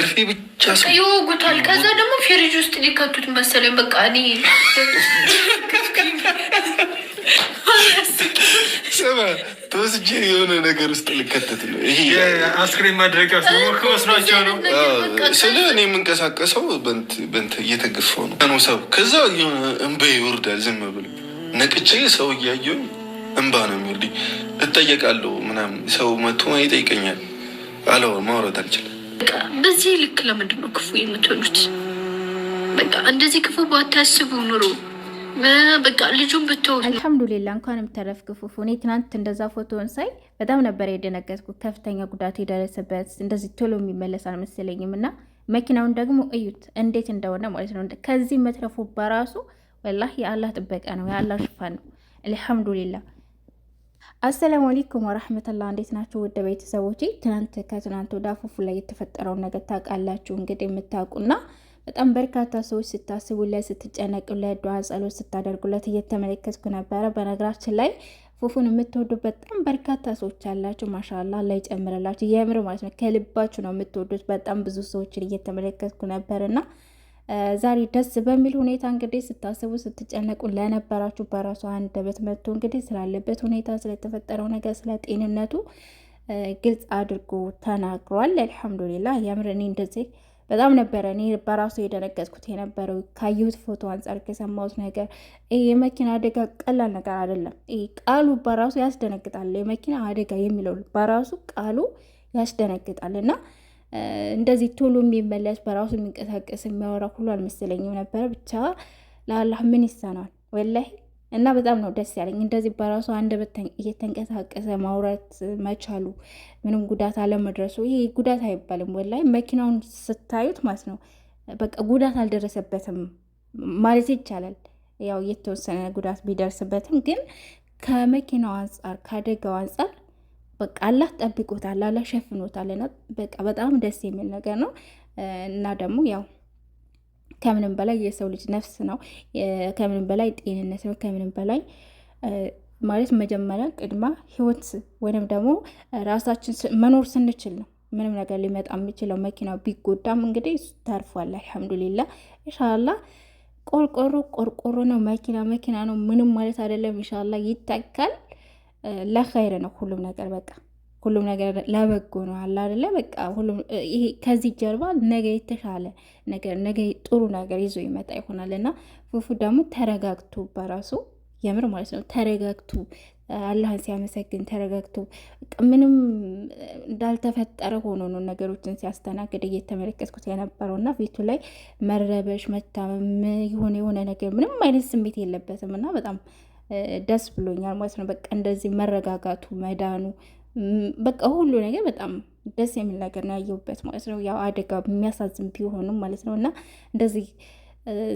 መርፌ ብቻ ይወጉታል። ከዛ ደግሞ ፌሪጅ ውስጥ ሊከቱት መሰለኝ። በቃ እኔ ተወስጄ የሆነ ነገር ውስጥ ልከተት ነው። ይሄ አስክሬን ማድረቂያ መስሏቸው ነው ስለ እኔ የምንቀሳቀሰው በንት እየተገፋው ነው ነው ሰው ከዛ እንባ ይወርዳል። ዝም ብሎ ነቅቼ ሰው እያየው እንባ ነው የሚወርድ። እጠየቃለሁ ምናምን ሰው መቶ ይጠይቀኛል። አለው ማውራት አልችልም በቃ በዚህ ልክ ለምንድን ነው ክፉ የምትሆኑት? በቃ እንደዚህ ክፉ ባታስቡ ኑሮ በቃ ልጁን ብትሆን አልሐምዱሊላ እንኳን ተረፍክ ፉፉ። እኔ ትናንት እንደዛ ፎቶን ሳይ በጣም ነበር የደነገጥኩ። ከፍተኛ ጉዳት የደረሰበት እንደዚህ ቶሎ የሚመለስ አልመሰለኝም። እና መኪናውን ደግሞ እዩት እንዴት እንደሆነ ማለት ነው። ከዚህ መትረፉ በራሱ ወላሂ የአላህ ጥበቃ ነው፣ የአላህ ሽፋን ነው። አሰላሙ አለይኩም ወራህመቱላህ እንዴት ናቸው ውድ ቤተሰቦች? ትናንት ከትናንት ወደ ፉፉ ላይ የተፈጠረውን ነገር ታውቃላችሁ። እንግዲህ የምታውቁና በጣም በርካታ ሰዎች ስታስቡለት፣ ስትጨነቁለት፣ ዱዓ ጸሎት ስታደርጉለት እየተመለከትኩ ነበረ። በነገራችን ላይ ፉፉን የምትወዱ በጣም በርካታ ሰዎች አላቸው። ማሻላ ላይ ጨምረላቸው የምር ማለት ነው። ከልባችሁ ነው የምትወዱት። በጣም ብዙ ሰዎችን እየተመለከትኩ ነበርና ዛሬ ደስ በሚል ሁኔታ እንግዲህ ስታስቡ ስትጨነቁ ለነበራችሁ በራሱ አንደበት መጥቶ እንግዲህ ስላለበት ሁኔታ ስለተፈጠረው ነገር ስለ ጤንነቱ ግልጽ አድርጎ ተናግሯል። አልሐምዱሊላ የምር እኔ እንደዚህ በጣም ነበረ እኔ በራሱ የደነገጥኩት የነበረው ካየሁት ፎቶ አንጻር ከሰማሁት ነገር። ይህ የመኪና አደጋ ቀላል ነገር አይደለም። ይህ ቃሉ በራሱ ያስደነግጣል። የመኪና አደጋ የሚለው በራሱ ቃሉ ያስደነግጣል እና እንደዚህ ቶሎ የሚመለስ በራሱ የሚንቀሳቀስ የሚያወራ ሁሉ አልመሰለኝም ነበረ። ብቻ ለአላህ ምን ይሳናል ወላሂ። እና በጣም ነው ደስ ያለኝ እንደዚህ በራሱ አንደበት እየተንቀሳቀሰ ማውራት መቻሉ፣ ምንም ጉዳት አለመድረሱ። ይህ ጉዳት አይባልም ወላሂ። መኪናውን ስታዩት ማለት ነው በቃ ጉዳት አልደረሰበትም ማለት ይቻላል። ያው የተወሰነ ጉዳት ቢደርስበትም ግን ከመኪናው አንጻር ከአደጋው አንጻር በቃ አላህ ጠብቆታል፣ አላህ ሸፍኖታል። በቃ በጣም ደስ የሚል ነገር ነው እና ደግሞ ያው ከምንም በላይ የሰው ልጅ ነፍስ ነው። ከምንም በላይ ጤንነት ነው። ከምንም በላይ ማለት መጀመሪያ ቅድማ ህይወት ወይንም ደግሞ ራሳችን መኖር ስንችል ነው ምንም ነገር ሊመጣ የሚችለው። መኪናው ቢጎዳም እንግዲህ ተርፏል፣ አልሐምዱሊላ ኢንሻላህ። ቆርቆሮ ቆርቆሮ ነው፣ መኪና መኪና ነው። ምንም ማለት አይደለም። ኢንሻላህ ይታካል። ለኸይር ነው ሁሉም ነገር በቃ ሁሉም ነገር ለበጎ ነው አለ አይደለ? በቃ ሁሉም ይሄ ከዚህ ጀርባ ነገ የተሻለ ነገር ነገ ጥሩ ነገር ይዞ ይመጣ ይሆናል እና ፉፉ ደግሞ ተረጋግቶ በራሱ የምር ማለት ነው ተረጋግቶ አላህን ሲያመሰግን ተረጋግቶ ምንም እንዳልተፈጠረ ሆኖ ነው ነገሮችን ሲያስተናግድ እየተመለከትኩት የነበረው እና ፊቱ ላይ መረበሽ፣ መታመም የሆነ የሆነ ነገር ምንም አይነት ስሜት የለበትም እና በጣም ደስ ብሎኛል ማለት ነው። በቃ እንደዚህ መረጋጋቱ፣ መዳኑ፣ በቃ ሁሉ ነገር በጣም ደስ የሚል ነገር ነው ያየሁበት ማለት ነው። ያው አደጋ የሚያሳዝን ቢሆንም ማለት ነው እና እንደዚህ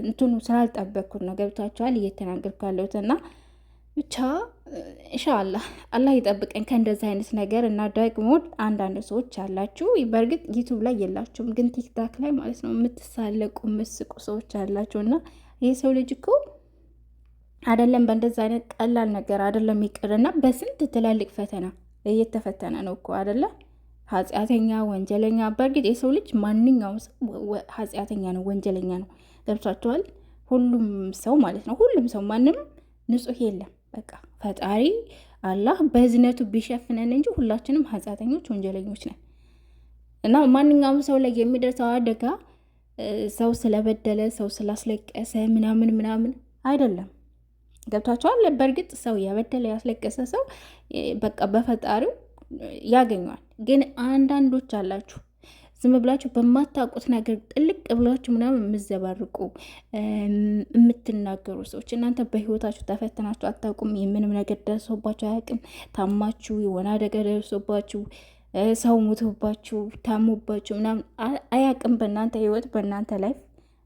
እንትኑ ስላልጠበቅኩት ነው ገብቷቸዋል እየተናገርኩ ያለሁት እና ብቻ እንሻላ አላህ ይጠብቀን ከእንደዚህ አይነት ነገር እና ደግሞ አንዳንድ ሰዎች አላችሁ፣ በእርግጥ ዩቱብ ላይ የላችሁም፣ ግን ቲክታክ ላይ ማለት ነው የምትሳለቁ ምስቁ ሰዎች አላችሁ እና ሰው ልጅ እኮ አይደለም በእንደዚ አይነት ቀላል ነገር አይደለም ይቅርና በስንት ትላልቅ ፈተና እየተፈተነ ነው እኮ አደለ ኃጢአተኛ ወንጀለኛ። በእርግጥ የሰው ልጅ ማንኛውም ሰው ኃጢአተኛ ነው፣ ወንጀለኛ ነው። ገብቷቸዋል? ሁሉም ሰው ማለት ነው። ሁሉም ሰው ማንም ንጹህ የለም። በቃ ፈጣሪ አላህ በዝነቱ ቢሸፍነን እንጂ ሁላችንም ኃጢአተኞች ወንጀለኞች ነን እና ማንኛውም ሰው ላይ የሚደርሰው አደጋ ሰው ስለበደለ ሰው ስላስለቀሰ ምናምን ምናምን አይደለም ገብቷቸዋል። በእርግጥ ሰው የበደለ ያስለቀሰ ሰው በቃ በፈጣሪው ያገኘዋል። ግን አንዳንዶች አላችሁ ዝም ብላችሁ በማታውቁት ነገር ጥልቅ ብላችሁ ምናምን የምዘባርቁ የምትናገሩ ሰዎች እናንተ በህይወታችሁ ተፈትናችሁ አታውቁም። የምንም ነገር ደርሶባችሁ አያውቅም። ታማችሁ የሆነ አደጋ ደርሶባችሁ ሰው ሞቶባችሁ ታሞባችሁ ምናምን አያውቅም። በእናንተ ህይወት በእናንተ ላይፍ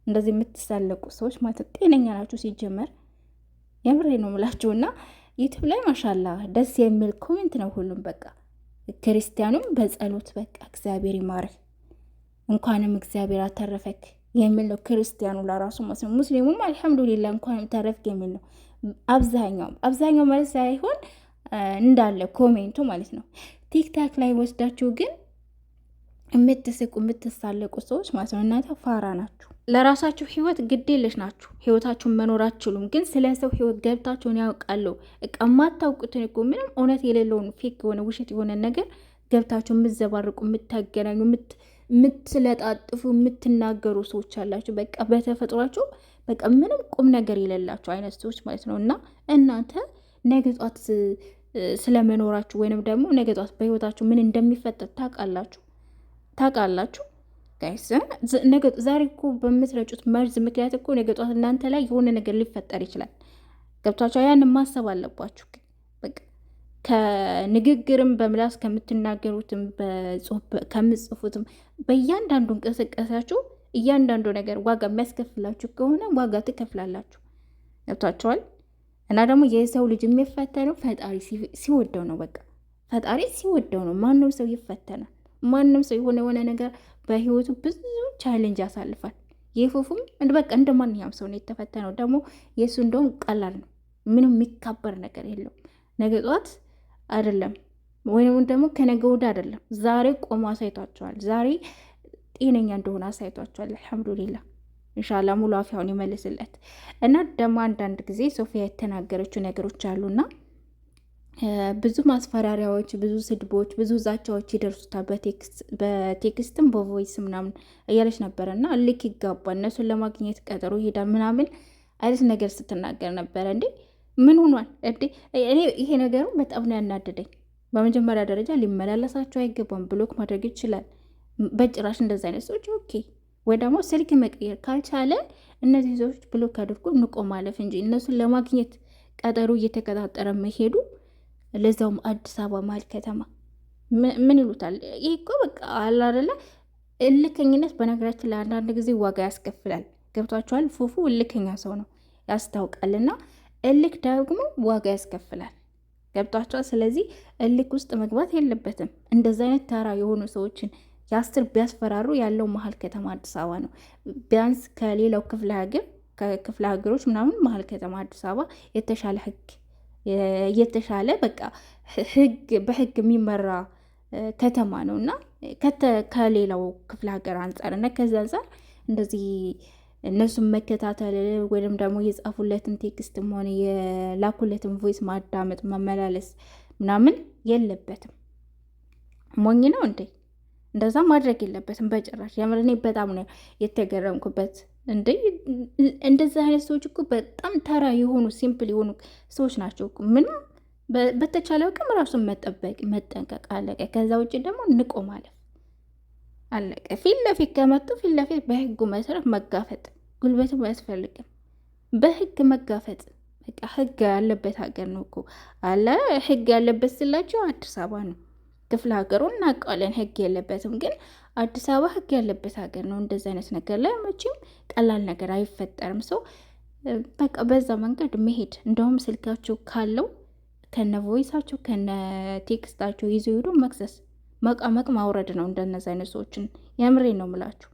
እንደዚህ የምትሳለቁ ሰዎች ማለት ጤነኛ ናችሁ ሲጀመር የምሬ ነው ምላችሁ እና ዩቱብ ላይ ማሻላ ደስ የሚል ኮሜንት ነው ሁሉም በቃ ክርስቲያኑም በጸሎት በቃ እግዚአብሔር ይማርህ እንኳንም እግዚአብሔር አተረፈክ የሚል ነው። ክርስቲያኑ ለራሱ ማለት ነው። ሙስሊሙም አልሐምዱሊላ እንኳንም ተረፍክ የሚል ነው። አብዛኛው አብዛኛው ማለት ሳይሆን እንዳለ ኮሜንቱ ማለት ነው። ቲክታክ ላይ ወስዳችሁ ግን የምትስቁ የምትሳለቁ ሰዎች ማለት ነው። እናንተ ፋራ ናችሁ። ለራሳችሁ ህይወት ግዴለሽ ናችሁ። ህይወታችሁን መኖር አትችሉም። ግን ስለ ሰው ህይወት ገብታችሁን ያውቃለሁ እቃ የማታውቁትን እኮ ምንም እውነት የሌለውን ፌክ የሆነ ውሸት የሆነ ነገር ገብታችሁ የምዘባርቁ፣ የምታገናኙ፣ የምትለጣጥፉ፣ የምትናገሩ ሰዎች አላችሁ። በቃ በተፈጥሯችሁ በቃ ምንም ቁም ነገር የሌላችሁ አይነት ሰዎች ማለት ነው እና እናንተ ነገ ጧት ስለመኖራችሁ ወይንም ደግሞ ነገ ጧት በህይወታችሁ ምን እንደሚፈጠር ታውቃላችሁ። ታውቃላችሁ ጋይስ ዛሬ እኮ በምትረጩት መርዝ ምክንያት እኮ ነገ ጧት እናንተ ላይ የሆነ ነገር ሊፈጠር ይችላል። ገብቷቸው ያን ማሰብ አለባችሁ። ከንግግርም በምላስ ከምትናገሩትም ከምጽፉትም በእያንዳንዱ እንቅስቃሴያችሁ እያንዳንዱ ነገር ዋጋ የሚያስከፍላችሁ ከሆነ ዋጋ ትከፍላላችሁ። ገብቷቸዋል። እና ደግሞ የሰው ልጅ የሚፈተነው ፈጣሪ ሲወደው ነው። በቃ ፈጣሪ ሲወደው ነው ማንም ሰው ይፈተናል። ማንም ሰው የሆነ የሆነ ነገር በህይወቱ ብዙ ቻሌንጅ ያሳልፋል። የፉፉም በቃ እንደ ማንኛውም ሰው ነው የተፈተነው። ደግሞ የእሱ እንደውም ቀላል ነው፣ ምንም የሚካበር ነገር የለውም። ነገ ጠዋት አይደለም ወይም ደግሞ ከነገ ወደ አይደለም፣ ዛሬ ቆሞ አሳይቷቸዋል። ዛሬ ጤነኛ እንደሆነ አሳይቷቸዋል። አልሐምዱሊላ እንሻላ ሙሉ አፊያውን ይመልስለት እና ደግሞ አንዳንድ ጊዜ ሶፊያ የተናገረችው ነገሮች አሉና ብዙ ማስፈራሪያዎች፣ ብዙ ስድቦች፣ ብዙ ዛቻዎች ይደርሱታል። በቴክስትም በቮይስ ምናምን እያለች ነበረ እና ልክ ይጋባ እነሱን ለማግኘት ቀጠሮ ሄዳ ምናምን አይነት ነገር ስትናገር ነበረ። እንዴ ምን ሆኗል እኔ ይሄ ነገሩ በጣም ነው ያናደደኝ። በመጀመሪያ ደረጃ ሊመላለሳቸው አይገባም፣ ብሎክ ማድረግ ይችላል። በጭራሽ እንደዚ አይነት ሰዎች ኦኬ ወይ ደግሞ ስልክ መቀየር ካልቻለ እነዚህ ሰዎች ብሎክ አድርጎ ንቆ ማለፍ እንጂ እነሱን ለማግኘት ቀጠሩ እየተቀጣጠረ መሄዱ ለዛውም አዲስ አበባ መሀል ከተማ ምን ይሉታል? ይህ እኮ በቃ አለ አይደለ? እልከኝነት በነገራችን ላይ አንዳንድ ጊዜ ዋጋ ያስከፍላል። ገብቷችኋል? ፉፉ እልከኛ ሰው ነው ያስታውቃልና፣ እልክ ደግሞ ዋጋ ያስከፍላል። ገብቷቸዋል። ስለዚህ እልክ ውስጥ መግባት የለበትም። እንደዚ አይነት ተራ የሆኑ ሰዎችን የአስር ቢያስፈራሩ ያለው መሀል ከተማ አዲስ አበባ ነው። ቢያንስ ከሌላው ክፍለ ሀገር ከክፍለ ሀገሮች ምናምን መሀል ከተማ አዲስ አበባ የተሻለ ህግ የተሻለ በቃ ህግ በህግ የሚመራ ከተማ ነው እና ከሌላው ክፍለ ሀገር አንጻር እና ከዚህ አንጻር እንደዚህ እነሱን መከታተል ወይም ደግሞ የጻፉለትን ቴክስትም ሆነ የላኩለትን ቮይስ ማዳመጥ መመላለስ ምናምን የለበትም። ሞኝ ነው እንዴ? እንደዛ ማድረግ የለበትም በጭራሽ። የምር እኔ በጣም ነው የተገረምኩበት። እንደዚህ አይነት ሰዎች እኮ በጣም ተራ የሆኑ ሲምፕል የሆኑ ሰዎች ናቸው ምንም በተቻለ ቅም ራሱን መጠበቅ መጠንቀቅ፣ አለቀ። ከዛ ውጭ ደግሞ ንቆ ማለፍ አለቀ። ፊት ለፊት ከመጡ ፊት ለፊት በህጉ መሰረት መጋፈጥ፣ ጉልበትም አያስፈልግም። በህግ መጋፈጥ በቃ ህግ ያለበት ሀገር ነው እኮ አለ። ህግ ያለበት ስላቸው አዲስ አበባ ነው። ክፍለ ሀገሩ እናውቀዋለን፣ ህግ የለበትም። ግን አዲስ አበባ ህግ ያለበት ሀገር ነው። እንደዚህ አይነት ነገር ላይ መቼም ቀላል ነገር አይፈጠርም። ሰው በቃ በዛ መንገድ መሄድ እንደውም ስልካቸው ካለው ከነ ቮይሳቸው ከነ ቴክስታቸው ይዞ ሄዱ መክሰስ መቃመቅ ማውረድ ነው እንደነዚ አይነት ሰዎችን። የምሬ ነው ምላችሁ።